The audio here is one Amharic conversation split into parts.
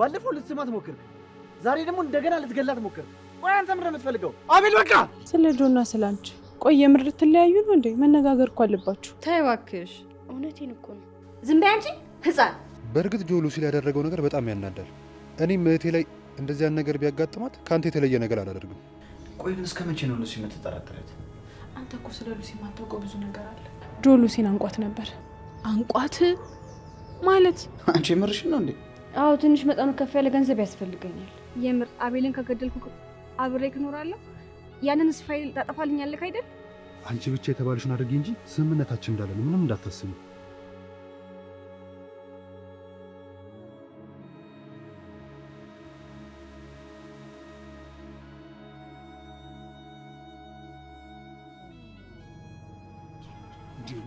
ባለፈው ልትስማት ሞክር፣ ዛሬ ደግሞ እንደገና ልትገላት ሞክር። ቆይ አንተ ምንድን ነው የምትፈልገው? አቤል በቃ ስለ ጆና ስለ አንቺ ቆይ፣ የምር ልትለያዩ ነው እንዴ? መነጋገር እኮ አለባችሁ። ተይ እባክሽ፣ እውነቴን እኮ ነው። ዝም በይ አንቺ ህፃን። በእርግጥ ጆ ሉሲ ያደረገው ነገር በጣም ያናዳል። እኔም እህቴ ላይ እንደዚያን ነገር ቢያጋጥማት ከአንተ የተለየ ነገር አላደርግም። ቆይ ግን እስከ መቼ ነው ሉሲ የምትጠራጠረት? አንተ እኮ ስለ ሉሲ የማታውቀው ብዙ ነገር አለ። ጆ ሉሲን አንቋት ነበር። አንቋት ማለት አንቺ ምርሽ ነው እንዴ? አዎ ትንሽ መጠኑ ከፍ ያለ ገንዘብ ያስፈልገኛል። የምር አቤልን ከገደልኩ አብሬ እኖራለሁ? ያንን ስፋይል ታጠፋልኛለህ አይደል? አንቺ ብቻ የተባለሽን አድርጊ እንጂ ስምምነታችን እንዳለ ነው። ምንም እንዳታስቢ።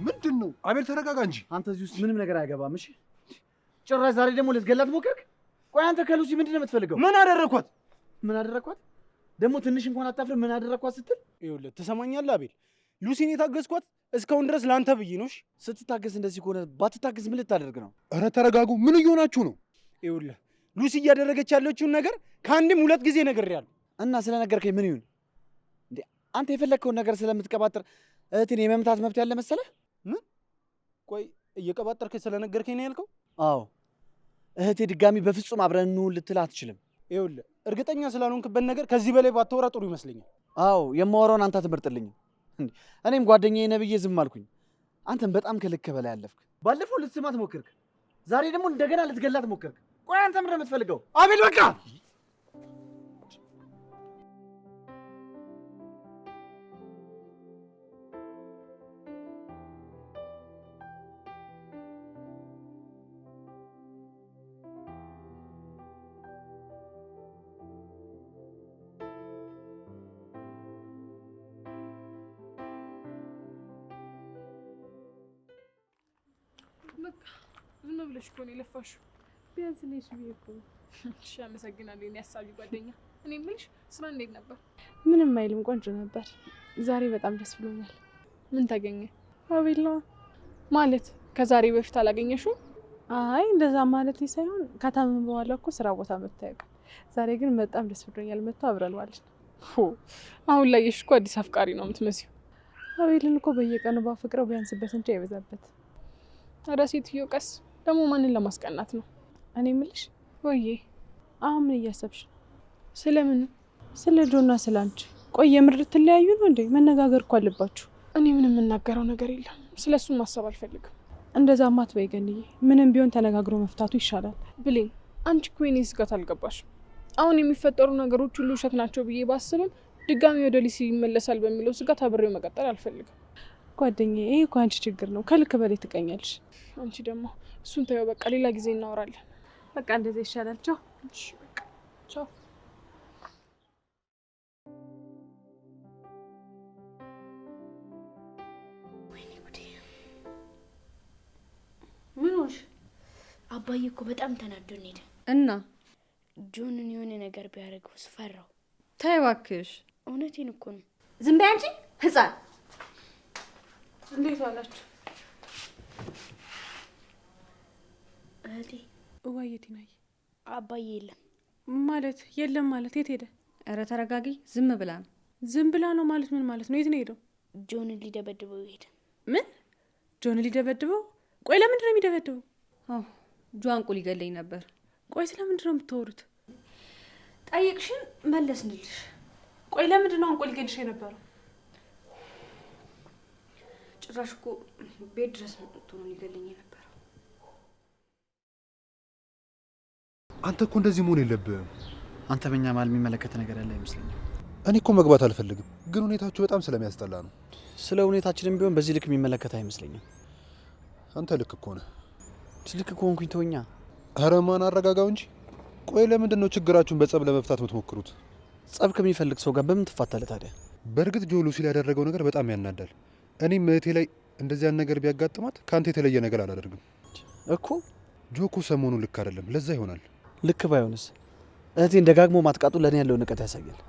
ምንድን ነው አቤል፣ ተረጋጋ እንጂ አንተ እዚህ ውስጥ ምንም ነገር አይገባም እሺ ጭራሽ ዛሬ ደግሞ ልትገላት ሞከርክ? ቆይ አንተ ከሉሲ ምንድን ነው የምትፈልገው? ምን አደረግኳት? ምን አደረግኳት ደግሞ ትንሽ እንኳን አታፍር? ምን አደረግኳት ስትል ይኸውልህ፣ ትሰማኛለህ አቤል፣ ሉሲን የታገዝኳት እስካሁን ድረስ ለአንተ ብዬ ነው። ስትታገዝ እንደዚህ ከሆነ ባትታገዝ ምን ልታደርግ ነው? እረ ተረጋጉ፣ ምን እየሆናችሁ ነው? ይኸውልህ፣ ሉሲ እያደረገች ያለችውን ነገር ከአንድም ሁለት ጊዜ ነግሬያለሁ። እና ስለነገርከኝ ምን ይሁን እንዴ? አንተ የፈለግከውን ነገር ስለምትቀባጥር እህቴን የመምታት መብት ያለ መሰለህ? ምን ቆይ እየቀባጠርከኝ ስለነገርከኝ ነው ያልከው? አዎ እህቴ ድጋሚ በፍጹም አብረን እንሁን ልትል አትችልም። ይኸውልህ እርግጠኛ ስላልሆንክበት ነገር ከዚህ በላይ ባታወራ ጥሩ ይመስለኛል። አዎ የማወራውን አንተ አትመርጥልኝም። እኔም ጓደኛዬ ነብዬ ዝም አልኩኝ። አንተም በጣም ከልክ በላይ አለፍክ። ባለፈው ልትስማት ሞክርክ፣ ዛሬ ደግሞ እንደገና ልትገላት ሞክርክ። ቆይ አንተ ምንድን ነው የምትፈልገው? አቤል በቃ ብለሽ እኮ ነው የለፋሽው። ቢያንስ እኔ እሱ ብዬሽ እኮ ነው። እሺ አመሰግናለሁ የእኔ አሳቢ ጓደኛ። እኔ የምልሽ ስራ እንዴት ነበር? ምንም አይልም፣ ቆንጆ ነበር። ዛሬ በጣም ደስ ብሎኛል። ምን ታገኘ? አቤል ማለት ከዛሬ በፊት አላገኘሽውም? አይ እንደዛ ማለት ሳይሆን ከታመም በኋላ እኮ ስራ ቦታ መጥቶ ያውቃል። ዛሬ ግን በጣም ደስ ብሎኛል። መጥቶ አብረን ዋልን። አሁን ላይ የሽ እኮ አዲስ አፍቃሪ ነው የምትመስዩ። አቤልን እኮ በየቀኑ ባፍቅረው ቢያንስበት እንጂ አይበዛበት። ኧረ ሴትዮ ቀስ ደግሞ ማንን ለማስቀናት ነው? እኔ ምልሽ ወዬ፣ አሁን ምን እያሰብሽ ነው? ስለምን? ስለ ጆና ስለ አንቺ። ቆይ የምር ትለያዩ ነው እንዴ? መነጋገር እኮ አለባችሁ። እኔ ምን የምናገረው ነገር የለም። ስለ እሱን ማሰብ አልፈልግም። እንደዛ ማት በይገንዬ፣ ምንም ቢሆን ተነጋግሮ መፍታቱ ይሻላል። ብሌን፣ አንቺ እኮ የኔ ስጋት አልገባሽም። አሁን የሚፈጠሩ ነገሮች ሁሉ ውሸት ናቸው ብዬ ባስብም ድጋሚ ወደ ሊሲ ይመለሳል በሚለው ስጋት አብሬው መቀጠል አልፈልግም። ጓደኛዬ፣ ይሄ እኮ አንቺ ችግር ነው። ከልክ በላይ ትቀኛለሽ። አንቺ ደግሞ እሱን ተይው፣ በቃ ሌላ ጊዜ እናወራለን። በቃ እንደዚ ይሻላል። ቻው። ቻው። አባዬ እኮ በጣም ተናዶ ሄደ እና ጆንን የሆነ ነገር ቢያደርገው ስፈራው። ተይ እባክሽ፣ እውነቴን እኮ ነው። ዝም በይ አንቺ ህፃን እንዴት ዋላችሁ? እህቴ እዋዬ ቲናዬ፣ አባዬ የለም ማለት የለም ማለት የት ሄደ? እረ ተረጋጊ። ዝም ብላ ነው። ዝም ብላ ነው ማለት ምን ማለት ነው? የት ነው ሄደው? ጆንን ሊደበድበው ሄደ። ምን ጆን ሊደበድበው? ቆይ ለምንድን ነው የሚደበድበው? ጆንቁ ሊገለኝ ነበር። ቆይ ስለምንድን ነው የምታወሩት? ጠይቅሽን መለስንልሽ። ቆይ ለምንድን ነው እንቁ ሊገልሽ የነበረው? ጭራሽ እኮ ቤት ድረስ መጥቶ ነው ሊገለኝ የነበረው። አንተ እኮ እንደዚህ መሆን የለብህም። አንተ በእኛ መሀል የሚመለከት ነገር ያለ አይመስለኝም። እኔ እኮ መግባት አልፈልግም፣ ግን ሁኔታችሁ በጣም ስለሚያስጠላ ነው። ስለ ሁኔታችንም ቢሆን በዚህ ልክ የሚመለከት አይመስለኝም። አንተ ልክ እኮ ነህ። ልክ ከሆንኩኝ ተወኛ። ኧረ ማን አረጋጋው እንጂ። ቆይ ለምንድን ነው ችግራችሁን በጸብ ለመፍታት የምትሞክሩት? ጸብ ከሚፈልግ ሰው ጋር በምን ትፋታለህ ታዲያ? በእርግጥ ጆሎ ሲል ያደረገው ነገር በጣም ያናዳል። እኔም እህቴ ላይ እንደዚያን ነገር ቢያጋጥማት ከአንተ የተለየ ነገር አላደርግም እኮ። ጆኮ ሰሞኑ ልክ አይደለም፣ ለዛ ይሆናል። ልክ ባይሆንስ እህቴን ደጋግሞ ማጥቃቱ ለእኔ ያለው ንቀት ያሳያል።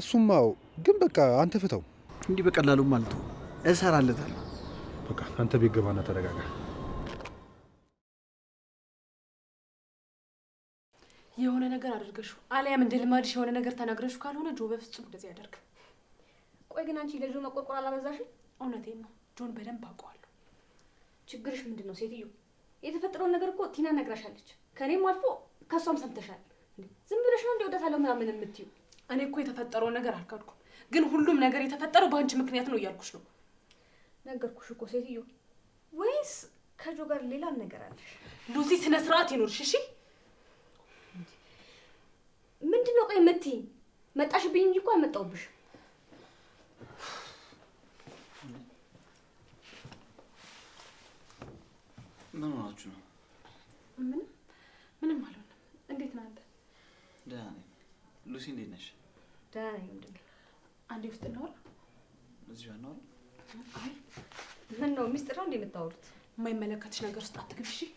እሱም አዎ፣ ግን በቃ አንተ ፍተው። እንዲህ በቀላሉ ማለት እሰራለታለሁ። በቃ አንተ ቤት ገባና ተረጋጋ። የሆነ ነገር አድርገሹ አሊያም እንደ ልማድሽ የሆነ ነገር ተናግረሹ ካልሆነ ጆ በፍጹም እንደዚህ ያደርግ። ቆይ ግን አንቺ ለጆ መቆርቆር አላበዛሽም? እውነቴን ነው ጆን በደንብ አውቀዋለሁ። ችግርሽ ምንድን ነው ሴትዮ? የተፈጠረውን ነገር እኮ ቲና ነግራሻለች። ከእኔም አልፎ ከእሷም ሰምተሻል። ዝም ብለሽ ነው እንደ ወዳታለሁ ምናምን የምትዩ እኔ እኮ የተፈጠረውን ነገር አልካድኩም፣ ግን ሁሉም ነገር የተፈጠረው በአንቺ ምክንያት ነው እያልኩሽ ነው። ነገርኩሽ እኮ ሴትዮ። ወይስ ከጆ ጋር ሌላ ነገር አለሽ? ሉሲ ስነ ስርዓት ይኖርሽ እሺ። ምንድን ነው ቆይ የምትይኝ? መጣሽብኝ እንጂ እኮ አልመጣሁብሽም ምን ሆናችሁ ነው? ምንም ምንም አልሆንም። እንዴት ነህ አንተ? ደህና ነኝ። ሉሲ እንዴት ነሽ? ደህና ነኝ። ምንድን ነው አንዴ ውስጥ እናወራ? እዚሁ አናወራ? አይ ምን ነው ሚስጥር ነው እንዴ የምታወሩት? የማይመለከትሽ ነገር ውስጥ አትግቢ እሺ።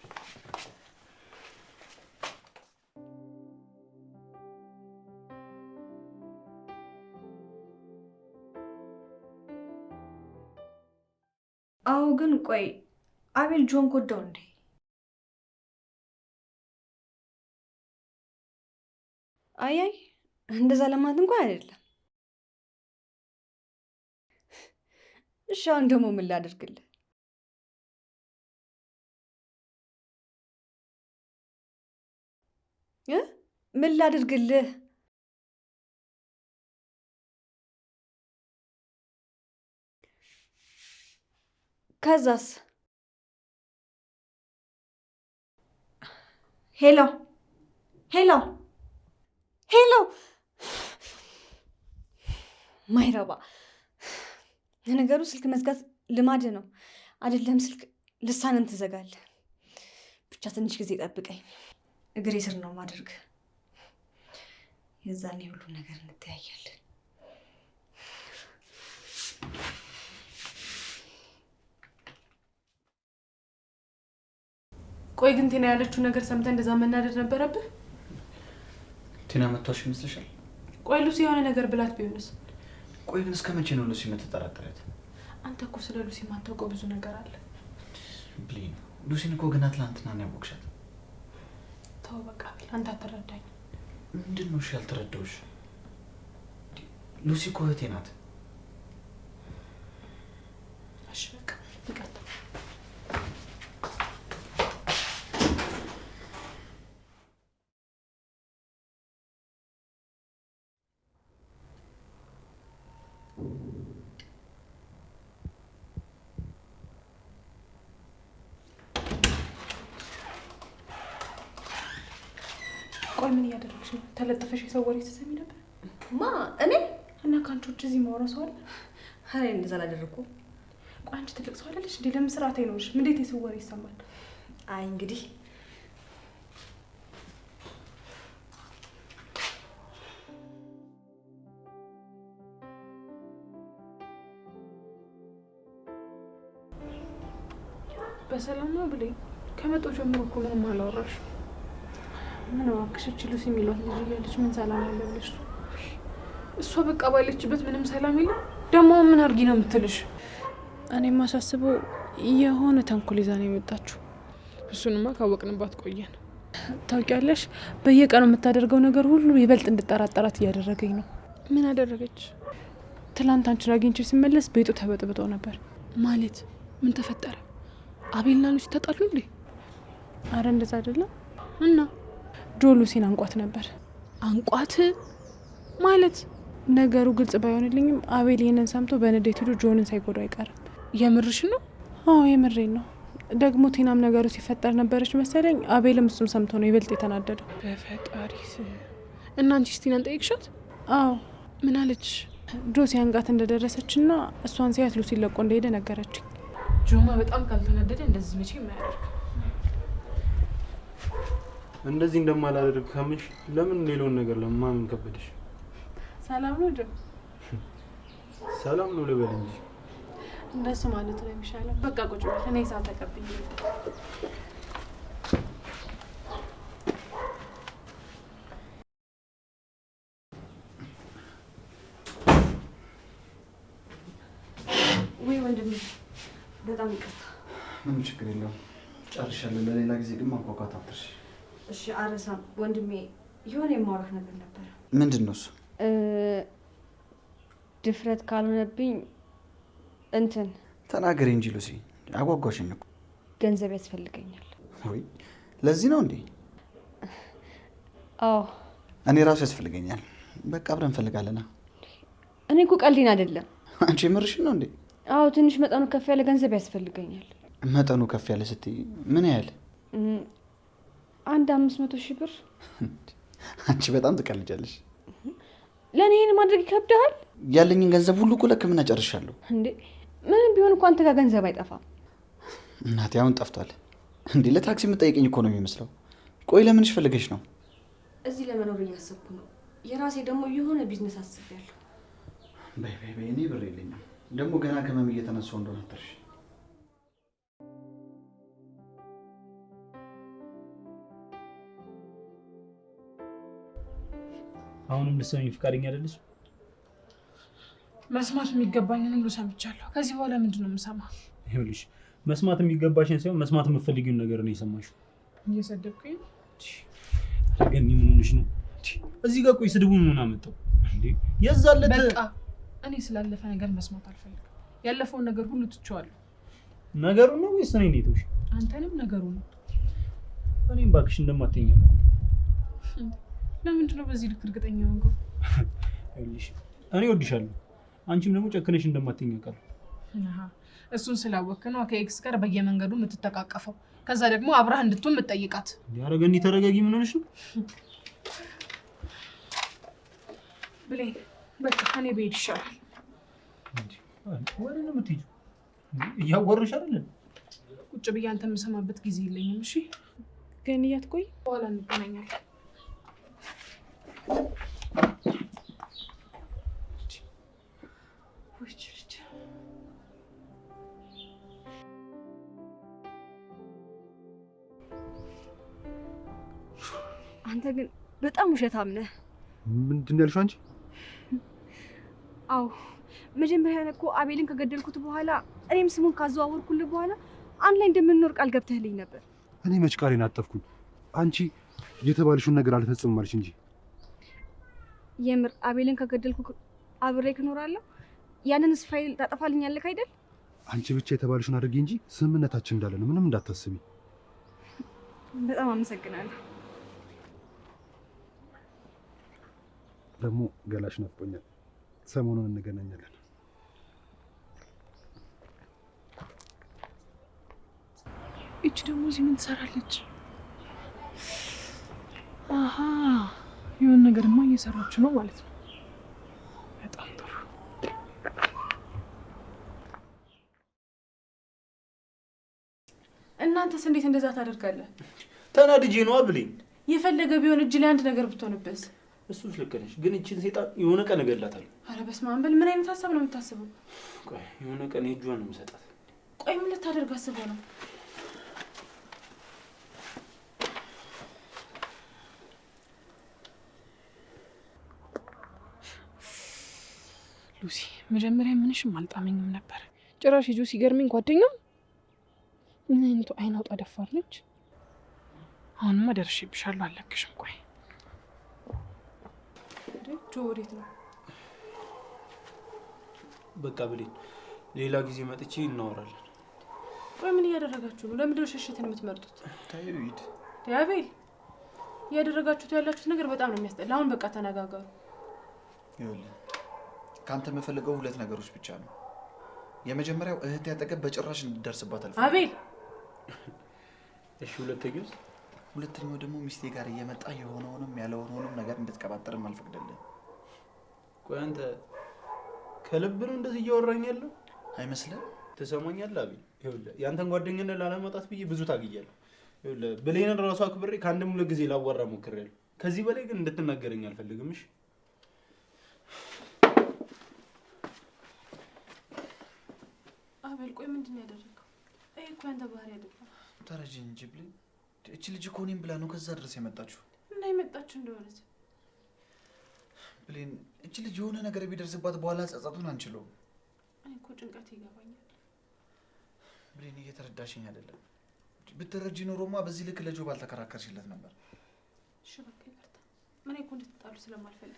አዎ ግን ቆይ አቤል ጆን ጎዳው እንዴ? አያይ እንደዛ ለማለት እንኳን አይደለም። እሺ አሁን ደግሞ ምን ላደርግልህ? ምን ላደርግልህ? ከዛስ ሄሎ ሄሎ ሄሎ ማይረባ ለነገሩ ስልክ መዝጋት ልማድ ነው አይደለም። ስልክ ልሳንን ትዘጋለ። ብቻ ትንሽ ጊዜ ጠብቀኝ፣ እግሬ ስር ነው ማደርግ። የዛኔ ሁሉም ነገር እንተያያለን። ቆይ ግን ቴና ያለችው ነገር ሰምተህ እንደዛ መናደድ ነበረብህ? ቴና መጥቷሽ ይመስልሻል? ቆይ ሉሲ የሆነ ነገር ብላት ቢሆንስ? ቆይ ግን እስከ መቼ ነው ሉሲ የምትጠራጠረት? አንተ እኮ ስለ ሉሲ የማታውቀው ብዙ ነገር አለ። ብሌን፣ ሉሲን እኮ ግን አትላንትና ነው ያወቅሻት። ተው በቃ ብል አንተ አትረዳኝ። ምንድን ነው እሺ ሉሲ እኮ እህቴ ናት። እሺ በቃ ይቀጥል ሰው ወሬ ተሰሚ ነበር። ማ እኔ እና ከአንቾች እዚህ ማውራ ሰው አለ? ኧረ እንደዛ አላደረኩም። ቆይ አንቺ ትልቅ ሰው አይደለሽ እንዴ? ለምን ስርዓት አይኖርሽም? እንዴት የሰው ወሬ ይሰማል? አይ እንግዲህ በሰላም ነው ብለኝ ከመጣሁ ጀምሮ እኮ ምንም አላወራሽም ምን እባክሽ ሉሲ የሚሏት ልጅ እያለች ምን ሰላም አለ ብለሽ እሷ በቃ ባለችበት ምንም ሰላም የለም። ደግሞ ምን አድርጊ ነው የምትልሽ? እኔ ማሳስበው የሆነ ተንኮል ይዛ ነው የመጣችሁ። እሱንማ ካወቅንባት ቆየን። ታውቂያለሽ፣ በየቀኑ የምታደርገው ነገር ሁሉ ይበልጥ እንድጠራጠራት እያደረገኝ ነው። ምን አደረገች? ትላንት አንቺን አግኝቼ ሲመለስ ቤቱ ተበጥብጦ ነበር። ማለት ምን ተፈጠረ? አቤልና ሉሲ ተጣሉ እንዴ? አረ እንደዛ አይደለም እና ጆ ሉሲን አንቋት ነበር። አንቋት ማለት ነገሩ ግልጽ ባይሆንልኝም አቤል ይህንን ሰምቶ በንዴት ሄዶ ጆንን ሳይጎዳ አይቀርም። የምርሽ ነው? አዎ የምሬን ነው። ደግሞ ቴናም ነገሩ ሲፈጠር ነበረች መሰለኝ። አቤልም እሱም ሰምቶ ነው ይበልጥ የተናደደው። በፈጣሪ እናንቺ ስቲናን ጠይቅሻት? አዎ። ምን አለች? ጆ ሲያንቃት እንደደረሰች ና እሷን ሲያት ሉሲን ለቆ እንደሄደ ነገረችኝ። ጆማ በጣም ካልተናደደ እንደዚህ መቼ የማያደርግ እንደዚህ እንደማላደርግ ከምሽ ለምን ሌላውን ነገር ለማመን ከበደሽ? ሰላም ነው ድም ሰላም ነው ልበል እንጂ እንደሱ ማለት ነው የሚሻለው። በቃ ቁጭ ብለሽ እኔ ሂሳብ ተቀብዬ ወይ በጣም ይቅርታ። ምንም ችግር የለውም። ጨርሻለሁ። ለሌላ ጊዜ ግን ማንኳኳት አትርሺ። እሺ አረሳም ወንድሜ፣ የሆነ የማውራት ነገር ነበረ። ምንድን ነው እሱ? ድፍረት ካልሆነብኝ እንትን ተናገሪ እንጂ ሉሲ፣ አጓጓሽኝ እኮ። ገንዘብ ያስፈልገኛል። ወይ ለዚህ ነው እንዴ? አዎ እኔ ራሱ ያስፈልገኛል። በቃ አብረን እንፈልጋለና። እኔ እኮ ቀልዲን አይደለም። አንቺ የምርሽን ነው እንዴ? አዎ ትንሽ መጠኑ ከፍ ያለ ገንዘብ ያስፈልገኛል። መጠኑ ከፍ ያለ ስትይ ምን ያህል? አንድ አምስት መቶ ሺህ ብር። አንቺ በጣም ትቀልጃለሽ። ለእኔ ይህን ማድረግ ይከብድሃል? ያለኝን ገንዘብ ሁሉ እኮ ለሕክምና ጨርሻለሁ። እንዴ ምንም ቢሆን እኮ አንተ ጋር ገንዘብ አይጠፋም። እናቴ አሁን ጠፍቷል እንዴ? ለታክሲ የምጠይቀኝ እኮ ነው የሚመስለው። ቆይ ለምን ፈልገሽ ነው? እዚህ ለመኖር እያሰብኩ ነው። የራሴ ደግሞ የሆነ ቢዝነስ አስቤያለሁ። በይ በይ በይ፣ እኔ ብር የለኝም ደግሞ ገና ከመም እየተነሳሁ እንደሆነ አትርሽ አሁንም ልትሰሚኝ ፈቃደኛ አይደለሽ? መስማት የሚገባኝን ሁሉ ሰምቻለሁ። ከዚህ በኋላ ምንድን ነው የምሰማው? ይኸውልሽ መስማት የሚገባሽን ሳይሆን መስማት የምትፈልጊውን ነገር ነው የሰማሽው። እየሰደብኩኝ ገኒ፣ ምን ሆነሽ ነው እዚህ ጋር? ቆይ ስድቡን ምን አመጣው? የዛለት በቃ እኔ ስላለፈ ነገር መስማት አልፈልግም። ያለፈውን ነገር ሁሉ ትቼዋለሁ። ነገሩ ነው ወይስ እኔ ኔቶሽ? አንተንም ነገሩ ነው። እኔም እባክሽ እንደማትይኝ ለምንድን ነው በዚህ ልክ እርግጠኛ ሆንከው? ይኸውልሽ እኔ እወድሻለሁ፣ አንቺም ደግሞ ጨክነሽ እንደማትኝ አውቃለሁ። እሱን ስላወቅክ ነው ከኤክስ ጋር በየመንገዱ የምትተቃቀፈው፣ ከዛ ደግሞ አብረህ እንድትሆን የምትጠይቃት። ያረገ እንዲህ ተረጋጊ። ምን ሆነሽ ነው ብሌን? በቃ እኔ ብሄድ ይሻላል። ወደ ነው የምትሄጂው? እያወራሽ አይደል? ቁጭ ብዬ አንተ የምሰማበት ጊዜ የለኝም። እሺ ገንያት፣ ቆይ በኋላ እንገናኛለን። አንተ ግን በጣም ውሸታም ነህ። ምንድን ነው ያልሽው አንቺ? አዎ መጀመሪያ እኮ አቤልን ከገደልኩት በኋላ እኔም ስሙን ካዘዋወርኩልህ በኋላ አንድ ላይ እንደምንኖር ቃል ገብተህልኝ ነበር። እኔ መች ቃሌን አጠፍኩኝ? አንቺ የተባልሽውን ነገር አልፈጽም አልሽ እንጂ የምር አቤልን ከገደልኩ አብሬ እኖራለሁ? ስፋይል ታጠፋልኝ ታጠፋልኛለህ አይደል? አንቺ ብቻ የተባለሽን አድርጊ እንጂ ስምምነታችን እንዳለ ነው። ምንም እንዳታስቢ። በጣም አመሰግናለሁ። ደግሞ ገላሽ ናፍቆኛል። ሰሞኑን እንገናኛለን። እች ደግሞ እዚህ ምን ትሰራለች? ነገርማ እየሰራችሁ ነው ማለት ነው። በጣም ጥሩ። እናንተስ እንዴት እንደዛ ታደርጋለህ? ተናድጄ ነዋ ብሌን። የፈለገ ቢሆን እጅ ላይ አንድ ነገር ብትሆንበት እሱስ ልክ ነሽ፣ ግን እችን ሴጣን የሆነ ቀን እገላታለሁ። አረ በስመ አብ! በል ምን አይነት ሀሳብ ነው የምታስበው? የሆነ ቀን የእጇን ነው የምሰጣት። ቆይ ምን ልታደርግ አስበው ነው? ሉሲ፣ መጀመሪያ ምንሽም አልጣመኝም ነበር። ጭራሽ ሂጁ ሲገርመኝ ጓደኛው ምን አይነቱ አይን አውጣ ደፋር ነች። አሁንማ ደርሼብሻለሁ፣ አልለቅሽም። ቆይ ወዴት ነው? በቃ ብሌን፣ ሌላ ጊዜ መጥቼ እናወራለን። ቆይ ምን እያደረጋችሁ ነው? ለምንድን ነው የምትመርጡት? ታይድ ያቤል፣ እያደረጋችሁት ያላችሁት ነገር በጣም ነው የሚያስጠላ። አሁን በቃ ተነጋገሩ። ከአንተ የምፈልገው ሁለት ነገሮች ብቻ ነው። የመጀመሪያው እህት አጠገብ በጭራሽ እንድደርስባት አልፈ አቤል። እሺ፣ ሁለተኛውስ? ሁለተኛው ደግሞ ሚስቴ ጋር እየመጣ የሆነውንም ያለሆነውንም ነገር እንድትቀባጠርም አልፈቅድልን። ቆይ አንተ ከልብ ነው እንደዚህ እያወራኝ ያለው አይመስልም? ትሰማኛለህ? አቤል፣ ይኸውልህ የአንተን ጓደኝነት ላለመውጣት ብዬ ብዙ ታግያለሁ። ይኸውልህ ብሌንን አክብሬ ከአንድ ሙሉ ጊዜ ላዋራ ሞክሬያለሁ። ከዚህ በላይ ግን እንድትናገረኝ አልፈልግም። አቤል ቆይ ምንድን ነው ያደረገው? ይሄ እኮ ያንተ ባህሪ አይደለም። ተረጅኝ እንጂ ብሌን፣ እቺ ልጅ እኮ እኔም ብላ ነው ከዛ ድረስ የመጣችሁ እና የመጣችሁ እንደሆነት ብሌን፣ እቺ ልጅ የሆነ ነገር ቢደርስባት በኋላ ጸጸቱን አንችለውም። እኔ እኮ ጭንቀት ይገባኛል ብሌን፣ እየተረዳሽኝ አይደለም። ብትረጂ ኖሮማ በዚህ ልክ ለጆ ባልተከራከርሽለት ነበር። እሺ በቃ ይቅርታ፣ እኔ እኮ እንድትጣሉ ስለማልፈልግ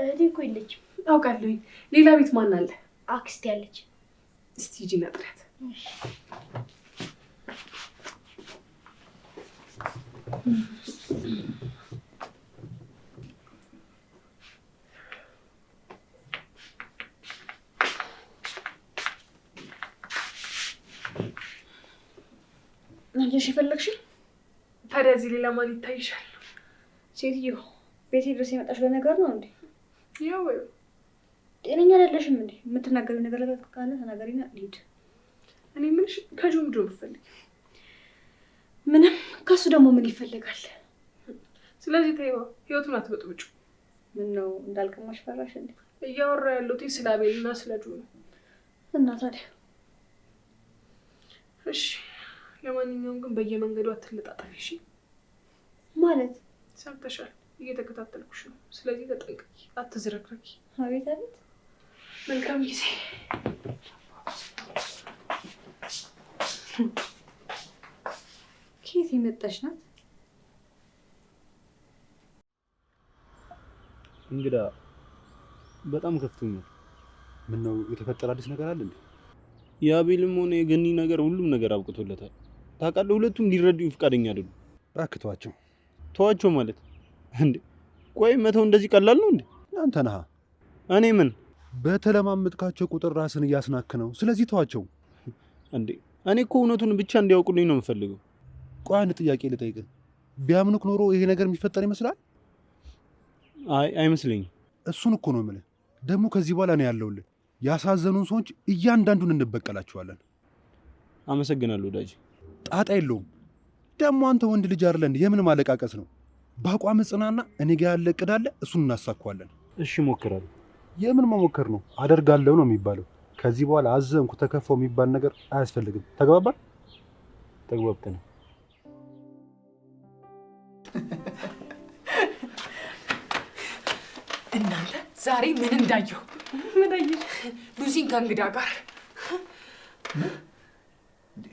እህቴ እኮ የለችም። አውቃለሁኝ። ሌላ ቤት ማን አለ? አክስቴ አለች። እስቲ ሂጂ እሺ ነሽ የፈለግሽ? ታዲያ እዚህ ሌላ ማን ይታይሻል? ሴትዮ ቤቴ ድረስ የመጣሽ ለነገር ነው እንዴ? ያው ጤነኛ አይደለሽም እንዴ? የምትናገሪ ነገር ካለ ተናገሪና ሂድ። እኔ ምንሽ ከጆም ጆ ብፈልግ ምንም፣ ከሱ ደግሞ ምን ይፈልጋል? ስለዚህ ተይዋ፣ ህይወቱን አትበጥብጭ። ምን ነው እንዳልቀማሽ ፈራሽ እንዴ? እያወራ ያለሁት ስለ አቤልና ስለ ጆ ነው። እና ታዲያ እሺ ለማንኛውም ግን በየመንገዱ አትለጣጠፊ እሺ። ማለት ሰምተሻል? እየተከታተልኩሽ ነው። ስለዚህ ተጠንቀቂ፣ አትዝረክረኪ። አቤት አቤት። መልካም ጊዜ። ኬት የመጣች ናት? እንግዳ በጣም ከፍቶኛል። ምነው የተፈጠረ አዲስ ነገር አለ እንዴ? የአቤልም ሆነ የገኒ ነገር ሁሉም ነገር አብቅቶለታል። ታውቃለህ፣ ሁለቱም ሊረዱ ፈቃደኛ አይደሉም። እባክህ ተዋቸው። ተዋቸው ማለት እንዴ? ቆይ መተው እንደዚህ ቀላል ነው እንዴ? አንተ ነህ እኔ ምን በተለማመጥካቸው ቁጥር ራስን እያስናክ ነው። ስለዚህ ተዋቸው እንዴ። እኔ እኮ እውነቱን ብቻ እንዲያውቁልኝ ነው የምፈልገው። ቆይ አንድ ጥያቄ ልጠይቅህ፣ ቢያምኑክ ኖሮ ይሄ ነገር የሚፈጠር ይመስላል? አይ አይመስለኝም። እሱን እኮ ነው የምልህ። ደግሞ ከዚህ በኋላ ነው ያለውልህ። ያሳዘኑን ሰዎች እያንዳንዱን እንበቀላቸዋለን። አመሰግናለሁ ወዳጅ። ጣጣ የለውም። ደግሞ አንተ ወንድ ልጅ አይደለን? የምን ማለቃቀስ ነው? በአቋም ጽናና፣ እኔ ጋር ያለ እቅድ አለ፣ እሱን እናሳኳለን። እሺ ሞክራል የምን መሞከር ነው? አደርጋለሁ ነው የሚባለው። ከዚህ በኋላ አዘንኩ ተከፋው የሚባል ነገር አያስፈልግም። ተግባባል? ተግባብተን እናንተ ዛሬ ምን እንዳየሁ ምን ሉሲን ከእንግዳ ጋር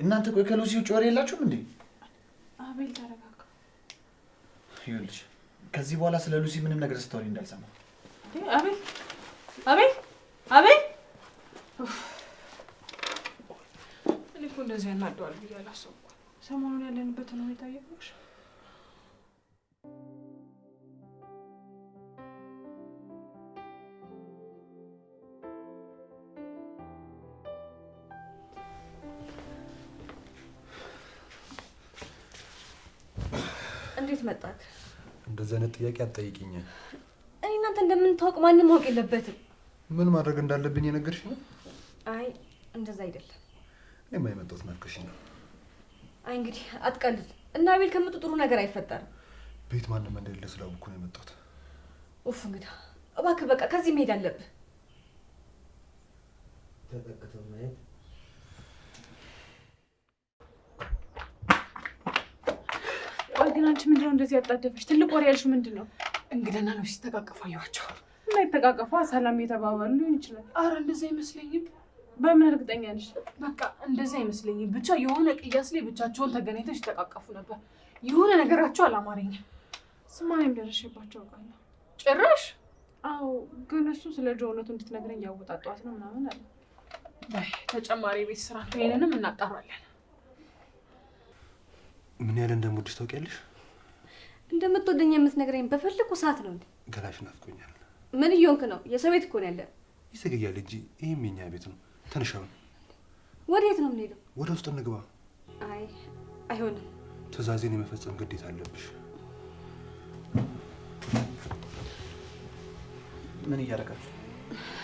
እናንተ ቆይ ከሉሲ ውጭ ወሬ የላችሁም እንዴ? አቤል ተረጋጋ። ይኸውልሽ ከዚህ በኋላ ስለ ሉሲ ምንም ነገር ስታወሪ እንዳልሰማ። አቤል አቤል አቤል እኔ እኮ እንደዚህ ያናደዋል ብዬ አላሰብኩም። ሰሞኑን ያለንበትን ሁኔታ እያወቅሽ እንደዚህ አይነት ጥያቄ አትጠይቂኝ። እኔ እናንተ እንደምንታወቅ ማንም ማወቅ የለበትም። ምን ማድረግ እንዳለብኝ የነገርሽ ነው? አይ እንደዛ አይደለም። እኔ የመጣሁት ናፍቀሽ ነው። አይ እንግዲህ አትቀልድ እና ቤል ከምጡ ጥሩ ነገር አይፈጠርም። ቤት ማንም እንደሌለ ስላወኩ ነው የመጣት። ኡፍ እንግዳ እባክህ በቃ ከዚህ መሄድ አለብህ። ተጠቅተው ማየት ግን አንቺ ምንድነው እንደዚህ ያጣደፈች ትልቅ ወሬ ያልሽው ምንድን ነው? እንግዳና ነው ሲተቃቀፉ አየኋቸው። እና የተቃቀፉ ሰላም የተባባሉ ሊሆን ይችላል። አረ እንደዚህ አይመስለኝም። በምን እርግጠኛ ነሽ? በቃ እንደዚህ አይመስለኝም። ብቻ የሆነ ቅያስ ላይ ብቻቸውን ተገናኝተው ሲተቃቀፉ ነበር። የሆነ ነገራቸው አላማረኝም። ስማኔም ደረሽባቸው አውቃለሁ። ጭራሽ? አዎ፣ ግን እሱ ስለ ጆነቱ እንድትነግረኝ ያወጣጧት ነው ምናምን አለ። ተጨማሪ ቤት ስራ ይሄንንም እናጣራለን። ምን ያህል እንደምወድሽ ታውቂያለሽ? እንደምትወደኝ የምትነግረኝ በፈለኩ ሰዓት ነው እንዴ? ገላሽ ናፍቆኛል። ምን እየሆንክ ነው? የሰው ቤት እኮ ነው ያለ። ይዘገያል እንጂ ይህም የኛ ቤት ነው። ተነሽ። ወዴት ነው የምንሄደው? ወደ ውስጥ እንግባ። አይ አይሆንም። ትዕዛዜን የመፈጸም ግዴታ አለብሽ። ምን እያደረጋችሁ